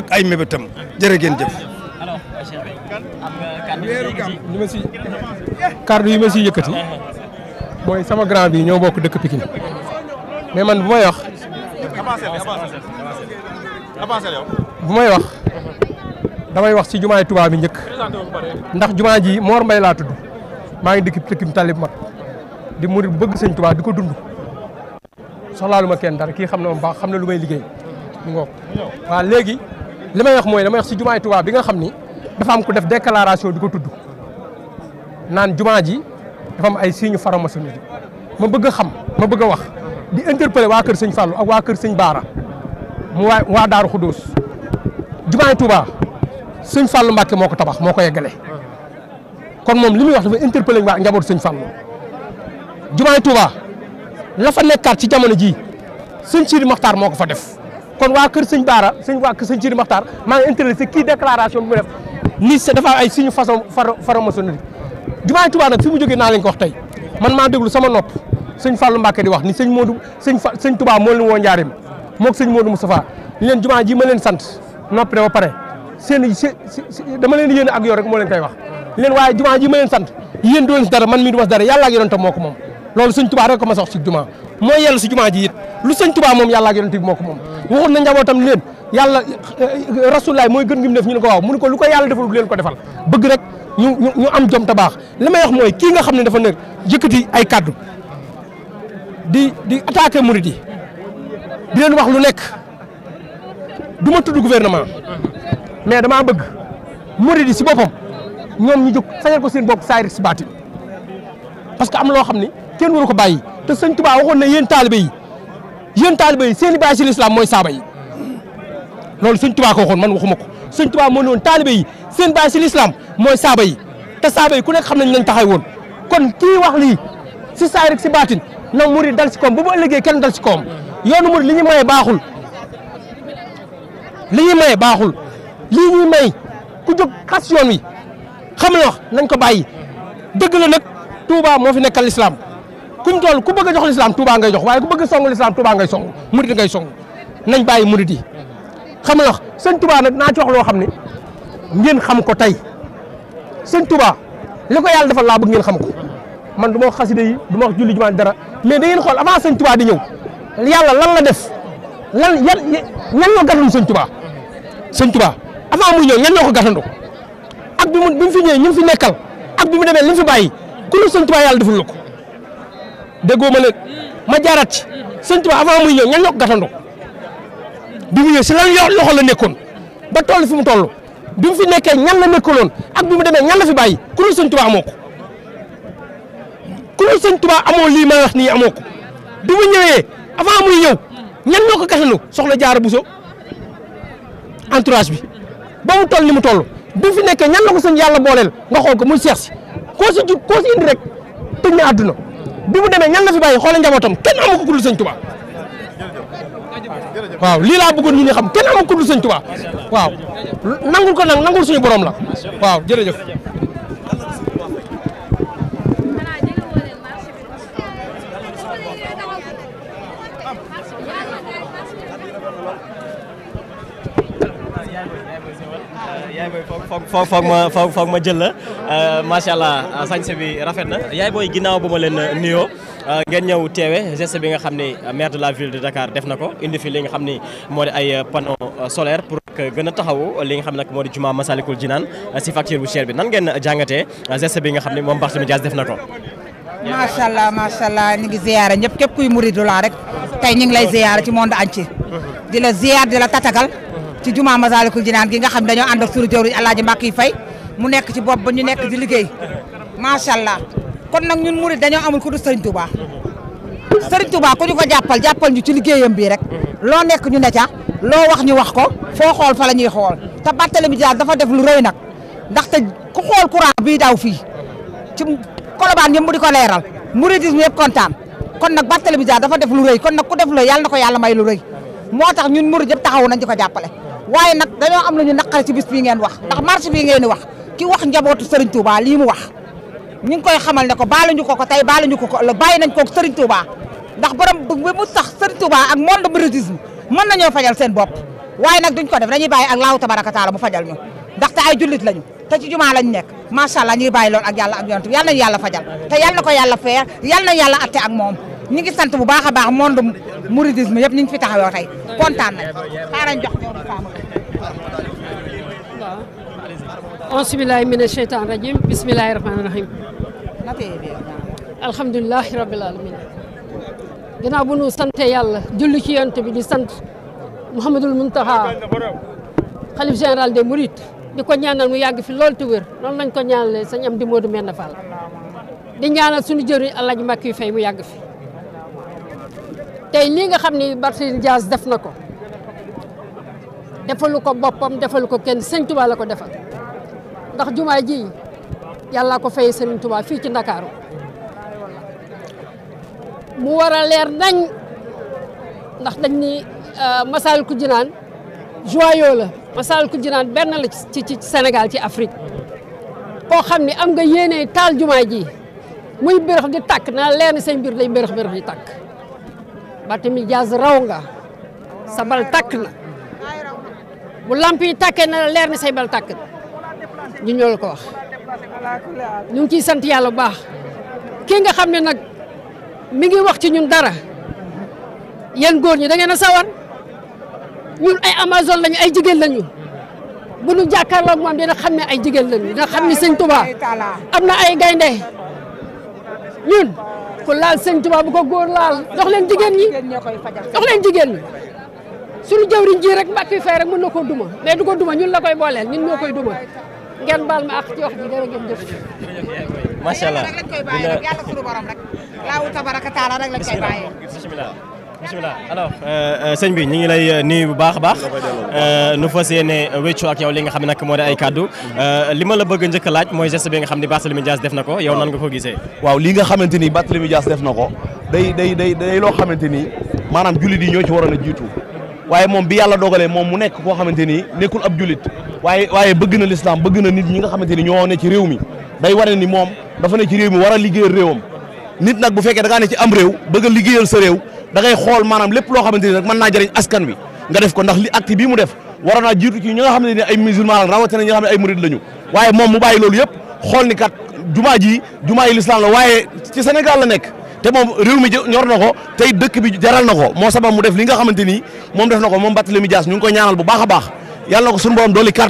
ak ay mébétam jërë ngeen jëf. kàddu yi ma sama grand bi ñoo bokk dëkk Pikine man bu may wax wax damay wax ci jumaay Touba bi njëkk ndax jumaa ji Mor Mbaye laa tudd maa ngi dëkk dëkk talib mat di mu bëgg sëñ Touba di ko dund soxlaalu ma kenn dara kii xam na moom baax xam na lu may liggéey mu ngoog léegi li ma wax mooy damay wax si jumaay Tuubaa bi nga xam ni dafa am ku def déclaration di ko tudd naan jumaa ji dafa am ay signe franc-maçonnerie ma bëgg a xam ma bëgg a wax di interpeller waa kër sëñ Fallou ak waa kër sëñ Baara mu waa waa Daaru Xudóos jumaay Tuubaa sëñ Fallou Mbàkke moo ko tabax moo ko yeggale kon moom li muy wax dafa interpeller waa njabootu sëñ Fallou jumaay Tuubaa la fa nekkaat ci jamono jii sëñ Sidi maxtaar moo ko fa def kon waa kër sëñ Baara sëñ waa kër sëñ Ciri Maxtaar maa ngi intéressé kii déclaration bi mu def ni c'est dafa ay façon franc-maçonnerie jumaay Tuubaa nag fi mu jógee naa leen ko wax tey man maa déglu sama nopp sëñ Fallou Mbacke di wax ni sëñ Modou sëñ fa sëñ Tuubaa moo leen woo njaarim moog sëñ Modou Moustapha ni leen jumaa ji ma leen sant nopp na ba pare seen dama leen yéen ak yow rek moo leen koy wax leen waaye jumaa ji ma leen sant yéen doo leen dara man mii du mas dara yàlla ak yonentam moo ko moom loolu sëñ tubaa rek ko mas a wax ci jumaa mooy yàlla si jumaa ji it lu sëñ tubaa moom yàlla ak yonent bi moo ko moom waxoon na njabootam leen yàlla eh, eh, rasulaay mooy gën gi mu def ñu ne ko waaw mu ne ko lu ko yàlla defal lu leen ko defal bëgg rek ñu ñu am jom te baax li may wax mooy kii nga xam ne dafa nekk jëkkati ay kaddu di di attaqué murid yi di leen wax lu nekk du ma tudd gouvernement mais damaa bëgg murid yi si boppam ñoom ñu jóg sañal ko seen bopp saayir si baati parce que am loo xam ni kenn waru ko bàyyi te sëñ Tuubaa waxoon na yéen taalibe yi yéen taalibe yi seen i baay si lislaam mooy saaba yi loolu sëñ Tuubaa ko waxoon man waxuma ko sëñ Tuubaa moo ne woon taalibe yi seen baay si lislaam mooy saaba yi te saaba yi ku nekk xam nañ lañ taxay woon kon kii wax li si saay rek si baatin na murid dal si koom bu ba ëllëgee kenn dal si koom yoonu murid li ñu maye baaxul li ñuy maye baaxul lii ñuy may ku jóg xas yoon wi xam la wax nañ ko bàyyi dëgg la nag Touba moo fi nekkal lislaam fu ñu ku bëgg a jox lislaam Touba ngay jox waaye ku bëgg a song lislaam Touba ngay song murid ngay song nañ bàyyi murid yi xam nga sëñ Touba naa ci loo xam ne ngeen xam ko tey sëñ Touba li ko yàlla defal laa bëgg ngeen xam ko man du ma wax xasida yi du ma wax julli jumaa dara mais day ngeen xool avant sëñ di ñëw yàlla lan la def lan yan yan ñoo gàttandu sëñ Touba sëñ Touba avant muy ñëw yan ñoo ko gàttandu ak bi mu bi mu fi ñëwee ñu fi nekkal ak bi mu demee li mu fi bàyyi ku lu sëñ yàlla deful la déggoo ma ne ma jaarat ci sëñ Tuubaa avant muy ñëw ñan ñoo ko gàttandoo bi mu ñëw si lan loxo la nekkoon ba toll fi mu toll bi mu fi nekkee ñan la nekkaloon ak bi mu demee ñan la fi bàyyi ku dul sëñ Tuubaa amoo ko ku dul lii may nii amoo ko bi ñan ñoo ko gàttandoo soxna Jaara Buso entourage bi ba mu toll mu toll bi fi nekkee ñan la ko sëñ yàlla booleel nga xool ko muy seex si koo si jub koo si indi rek tëj na àdduna bi mu demee ñan la fi bàyyi xoola njabootam kenn amu ko kuddul sëñ Tuubaa waaw lii laa bëggoon ñu ne xam kenn amu kuddul sëñ Tuubaa waaw nangul ko nag nangul suñu borom la waaw jërëjëf yaay booy foog foog foog ma foog ma jël la euh, macha allah sañse bi rafet na yaay booy ginnaaw ba ma leen euh, nuyoo euh, ngeen ñëw teewe geste bi nga xam ne maire de la ville de Dakar def na ko indi fi li nga xam ni moo di ay panneau solaire pour que gën a taxawu li nga xam ne moo di jumaa Masalikul Jinaan si facture bu cher bi nan ngeen jàngatee geste bi nga xam ne moom Barthélémy Dias def na ko. macha allah macha allah ñu ngi ziyaara ñëpp képp kuy murid la rek tey ñu ngi lay ziyaara ci monde entier. di ci jumaa Masaalikul Jinaan gi nga xam dañoo ànd ak suñu jëwriñ Alaaji Mbàkke Fay mu nekk ci bopp ba ñu nekk di liggéey macha allah kon nag ñun murid dañoo amul ku du Sëriñ Tuubaa Sëriñ Tuubaa ku ñu ko jàppal jàppal ñu ci liggéeyam bii rek loo nekk ñu ne ca loo wax ñu wax ko foo xool fa la ñuy xool te Barthélémy Dias dafa def lu rëy nag ndaxte ku xool courant bi daw fii ci Colobane yëpp mu di ko leeral mouridisme yëpp kontaan kon nag Barthélémy Dias dafa def lu rëy kon nag ku def lu rëy na ko yàlla may lu moo tax ñun murid yëpp taxaw nañ di ko jàppale waaye nag dañoo am lu ñu naqare ci bis bii ngeen wax ndax marché bii ngeen di wax ki wax njabootu Serigne Touba lii mu wax ñu ngi koy xamal ne ko baaluñu ko ko tey baaluñu ko ko ëllëg bàyyi nañ ko Serigne Touba ndax borom bi mu sax Serigne Touba ak monde mouridisme mën nañoo fajal seen bopp waaye nag duñ ko def dañuy bàyyi ak laahu tabaraka taala mu fajal ñu ndaxte ay jullit lañu te ci jumaa lañ nekk macha allah ñuy bàyyi loolu ak yàlla ak yonent yàlla yàlla fajal te yàlla na yàlla feer yàlla na yàlla atte ak moom ñu ngi sant bu baax a baax monde mouridisme yëpp ñu ngi fi taxawoo tey kontaan nañ xaaral jox ñoom femme waaw auzu billaahi mina rajiim bismillaahi rahmaani rahiim alhamdulillaahi rabbil aalamiin ginnaaw bu nu sante yàlla julli ci yonent bi di sant Mouhamadul Muntaha xalif général des mourides di ko ñaanal mu yàgg fi lool te wér noonu lañ ko ñaanalee sañ am di Modou Menda Fall di ñaanal suñu jëriñ Alaaji Màkki yu fay mu yàgg fi tey lii nga xam ni Barthélémy Dias def na ko defalu ko boppam defalu ko kenn sëñ Tuba la ko defal ndax jumaa ji yàlla ko fay sëriñ Tuba fii ci Ndakaaru mu war a leer nañ ndax dañ ni euh, Masaalikul Jinaan joyau la Masaalikul Jinaan benn la ci ci Sénégal ci Afrique koo xam ni am nga yéene taal jumaa ji muy bërëx di tàkk naa leer ni seen mbir day bërëx bërëx di tàkk Barthélémy Dias raw nga sa bal takk na bu lamp yi tàkkee na leer ni say bal tàkk na ñu ñoo ko wax ñu ngi ciy sant yàlla bu baax kii nga xam ne nag mi ngi wax ci ñun dara yan góor ñi da na a sawar ñun ay amazone lañu ay jigéen lañu bu nu jàkkaarloo moom dina xam ne ay jigéen lañu dina xam ne sëñ Tuubaa am na ay gaynde ñun ku laal sëñ Tuubaa bu ko góor laal jox leen jigéen ñi jox leen jigéen ñi suñu jëwriñ ji rek i Fay rek mën na ko duma mais du ko duma ñun la koy booleel ñun ñoo koy duma ngeen baal ma ak ji dara ngeen rek lañ koy bàyyi rek yàlla suñu borom rek laawu tabaraka taala rek lañ bisimilah alors euh, euh, sëñ bi ñu ngi lay euh, nuyu bu baax a baax nu fas yéene wéccu ak yow li nga xam ne nag moo di ay kàddu li ma la bëgg njëkk a laaj mooy geste bi nga xam ne Barthélemy Dias def na ko yow nan nga ko gisee waaw lii nga xamante ni Barthélemy Dias def na ko day day day day loo xamante ni ci waroon a jiitu waaye moom bi yàlla dogalee moom mu nekk koo xamante ni nekkul ab jullit waaye waaye bëgg na lislaam bëgg na nit ñi nga xamante ni ñoo ne ci réew mi day wane ni moom dafa ne ci réew mi war a liggéeyal bu fekkee da ngaa am réew bëgg a liggéeyal sa réew da ngay xool maanaam lépp loo xamante ni rek mën naa jëriñ askan wi nga def ko ndax li acte bii mu def waroon naa jiitu ci ñi nga xam ne ay musulman rawatina ñi nga xam ne ay murid lañu waaye moom mu bàyyi loolu yëpp xool ni kat jumaa ji jumaa yi lislaam la waaye ci Sénégal la nekk te moom réew mi ñor na ko tey dëkk bi jaral na ko moo sabab mu def li nga xamante ni moom def na ko moom Barthélémy Dias ñu ngi koy ñaanal bu baax a baax yàlla na ko suñu borom li nga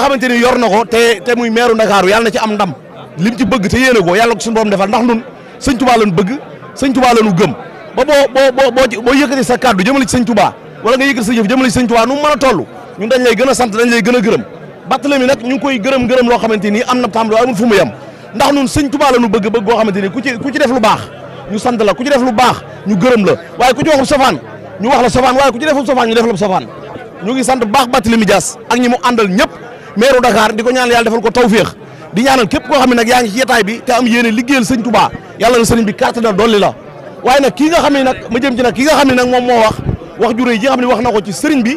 xamante ni yor na ko te te muy meeru Ndakaaru yàlla ci am ndam lim ci bëgg te yéene ko yàlla ko suñu borom ndax nun sëñ Tuubaa lañu bëgg sëñ Tuubaa lañu gëm ba boo boo boo boo yëkkati sa kàddu jëmale ci sëñ Touba nu mu a toll ñun dañ lay gën a sant dañ lay gën a gërëm Barthélemy nag ñu koy gërëm gërëm xamante nii am na tam loo amul fu mu yem ndax ñun sëñ Touba la ñu bëgg bëgg goo xamante ku ci ku ci def lu la ku ci waaye ku ci waxul safaan ñu wax la safaan waaye ku ci deful safaan ñu def la safaan ñu ngi sant baax Barthélemy Dias ak ñi mu àndal ñëpp meeru Dakar di ko ñaanal yàlla defal ko tawféex di ñaanal képp koo xam ne nag yaa ngi ci yetaay bi te am yéene liggéeyal sëñ Touba yàlla na sëriñ bi carte da dolli la waaye nag kii nga xam ne nag ma jëm ci nag ki nga xam ne nag moom moo wax wax ju rëy ji nga xam ne wax na ko ci sëriñ bi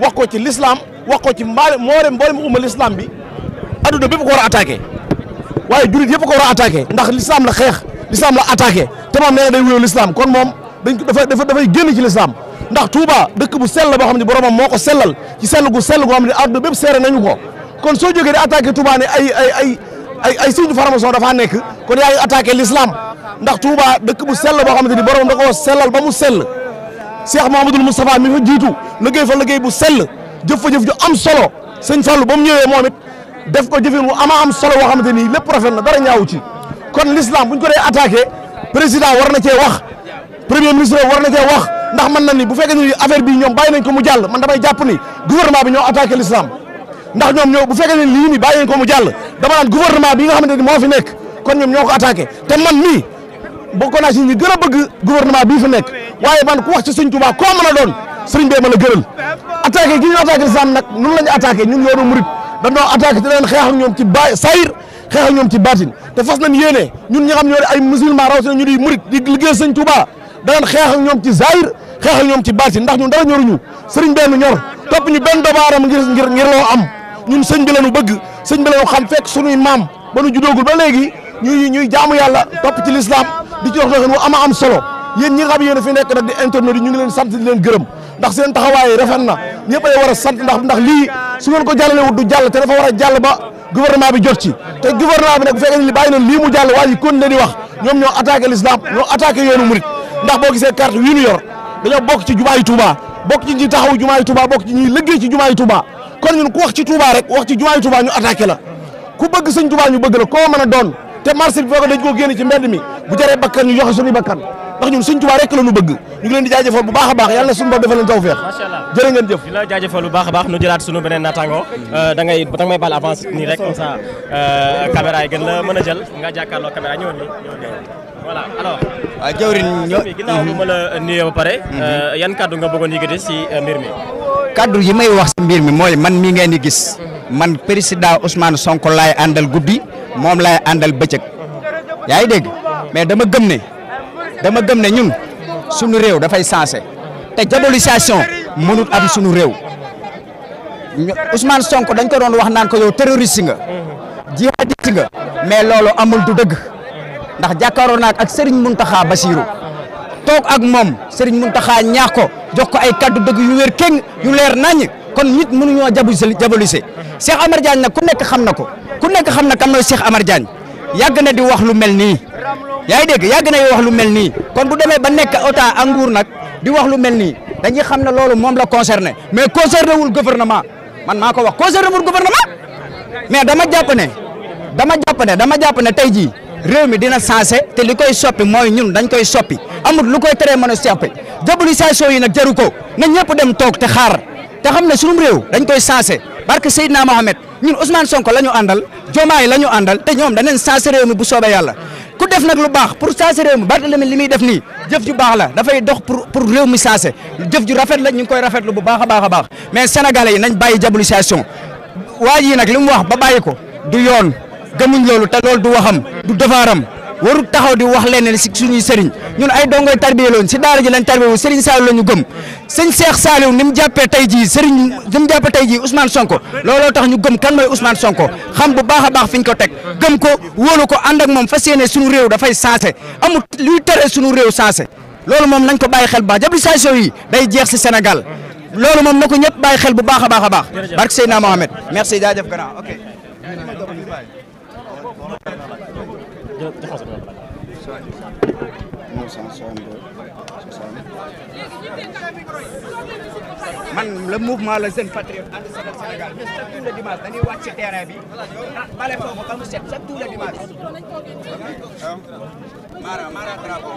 wax ko ci lislaam wax ko ci mbaale mboolem mboolem umma lislaam bi adduna bépp ko war a attaqué waaye jurit yëpp ko war a attaqué ndax lislaam la xeex lislaam la attaqué te moom nee na day wéyoo lislaam kon moom dañ dafa dafa dafay génn ci lislaam ndax Touba dëkk bu sell boo xam ne boromam moo ko sellal ci sell gu sell goo xam ne adduna bépp seere nañu ko kon soo jógee di attaqué Touba ne ay ay ay ay ay suñu faramason dafaa nekk kon yaa ngi attaqué lislaam ndax Touba dëkk bu sell boo xamante ni borom da koo sellal ba mu sell Cheikh Mouhamadoul Moustapha mi fa jiitu liggéey fa liggéey bu sell jëf fa jëf ju am solo sëñ Fallou ba mu ñëwee moom it def ko jëfin wu amaa am solo boo lépp rafet na dara ñaawu ci kon l'islam buñ ko dee attaqué président war na cee wax premier ministre war na wax ndax man na ni bu fekkee ni affaire bi ñoom bàyyi nañ ko mu jàll man damay jàpp ni gouvernement bi ñoo attaqué ñoo bu fekkee ne lii nii mu jàll dama naan gouvernement bi nga moo fi nekk kon ñoom ñoo ko attaqué bokk naa si ñi gën a bëgg gouvernement bii fi nekk waaye man ku wax ci sëñ Tuubaa koo mën a doon sëriñ bee ma la gëral attaqué gi ñu attaqué lislaam nag nun la ñu attaqué ñun yoonu murit dañoo attaqué te leen xeex ñoom ci ba sayir xeex ak ñoom ci baatin te fas nañ yéene ñun ñi xam ñoo di ay musulman rawatina ñu di murit di liggéey sëñ Tuubaa danañ xeex ñoom ci sayir xeex ñoom ci baatin ndax ñun dara ñoruñu sëriñ bee nu ñor topp ñu benn dobaaram ngir ngir ngir am ñun sëñ bi bëgg sëñ bi lañu xam fekk suñuy maam ba nu judoogul ba léegi ñuy ñuy jaamu yàlla topp ci lislaam di ci wax doxin wu ama am solo yéen ñi nga xam fi nekk nag di internet yi ñu ngi leen di leen gërëm ndax seen taxawaay rafet na ñëpp ay war a ndax lii su ngeen ko jàllale wut du a jàll ba gouvernement bi jot ci te gouvernement bi nag bu fekkee ni bàyyi noonu lii mu jàll waa ji kon ne wax ñoom ñoo attaqué l'islam ñoo attaqué yoonu murit ndax boo gisee carte wii yor dañoo bokk ci jumaayi Touba bokk ci ñi taxaw jumaayi Touba bokk ci ñi liggéey ci jumaayi Touba kon wax ci Touba rek wax ñu attaqué la ku bëgg sëñ ñu bëgg la koo mën a doon te marché bi fekk dañ ko génn ci bu jaree bakkan ñu joxe suñu bakkan ndax ñun Sëñ Tuubaa rek la ñu bëgg ñu ngi leen di jaajëfal bu baax a baax yàlla suñu bopp defal leen tawfeex jërë ngeen jëf di la bu baax a baax nu jëlaat suñu beneen naataango euh, da ngay da may baal avance nii rek comme ça euh, caméra yi gën la mën a jël nga jàkkaarloo caméra ñëwoon nii voilà alors waaw jawriñ ñoo ginnaaw ma la nuyoo ba pare mhm. euh, yan kaddu nga bëggoon yëkkati si mbir mi kaddu yi may wax si mbir mi mooy man mii ngeen di gis mhm. man président Ousmane Sonko laay àndal guddi moom laay àndal bëccëg mhm. yaa dégg mais dama gëm ne dama gëm ne ñun suñu réew dafay sensé te diabolisation mënut am suñu réew Ousmane Sonko dañ ko doon wax naan ko yow terroriste nga jihadiste nga mais loolu amul du dëgg ndax jàkkaaroon naa ak Serigne Mountakha Bassirou toog ak moom Serigne Mountakha ñaax ko jox ko ay kaddu dëgg yu wér keng yu leer naññ kon nit mënuñoo diaboliser Cheikh Amar Diagne nag ku nekk xam na ko ku nekk xam na kan mooy Cheikh Amar Diagne yàgg di wax lu mel nii yaa ngi dégg yàgg nay wax lu mel nii kon bu demee ba nekk ota ak nag di wax lu mel nii dañuy xam ne loolu moom la concerné mais concerné wul gouvernement man maa ko wax concerné wul gouvernement mais dama jàpp ne dama jàpp ne dama jàpp ne tey jii réew mi dina sensé te li koy soppi mooy ñun dañ koy soppi amul lu koy teree mën a soppi diabolisation yi nag jaru ko na ñëpp dem toog te xaar te xam ne sunum réew dañ koy sensé barke Seydina Mohamed ñun Ousmane Sonko la ñu àndal Diomaye la ñu àndal te ñoom danañ sensé réew mi bu soobee yàlla ku def nag lu baax pour saase réew mi Barthélémy li muy def nii jëf ju baax la dafay dox pour pour réew mi saase jëf ju rafet la ñu ngi koy rafetlu bu baax a baax a baax mais sénégalais yi nañ bàyyi diabolisation waa yi nag li mu wax ba bàyyi ko du yoon gëmuñ loolu te loolu du waxam du defaaram warut taxaw di wax leneen si suñuy sëriñ ñun ay dongoy tarbiye loon si daara ji lañ tarbiye wu sëriñ Saliou la ñu gëm sëñ Cheikh Saliou ni mu jàppee tey jii sëriñ ni mu jàppee tey jii Ousmane Sonko looloo tax ñu gëm kan mooy Ousmane Sonko xam bu baax a baax fi ñu ko teg gëm ko wóolu ko ànd ak moom fas yéene suñu réew dafay sensé amul luy tere suñu réew sensé loolu moom nañ ko bàyyi xel bu baax diabolisation yi day jeex si Sénégal loolu moom na ko ñëpp bàyyi xel bu baax a baax a baax barke Seydina Mohamed merci jaajëf grand ok man le mouvement la jeune patriote ànd seetal Sénégal ñun chaque jour le dimanche dañuy wàcc ci terrain bi ah bale foofu ba mu set chaque jour le dimanche. Ah. Mara Mara Drapeau.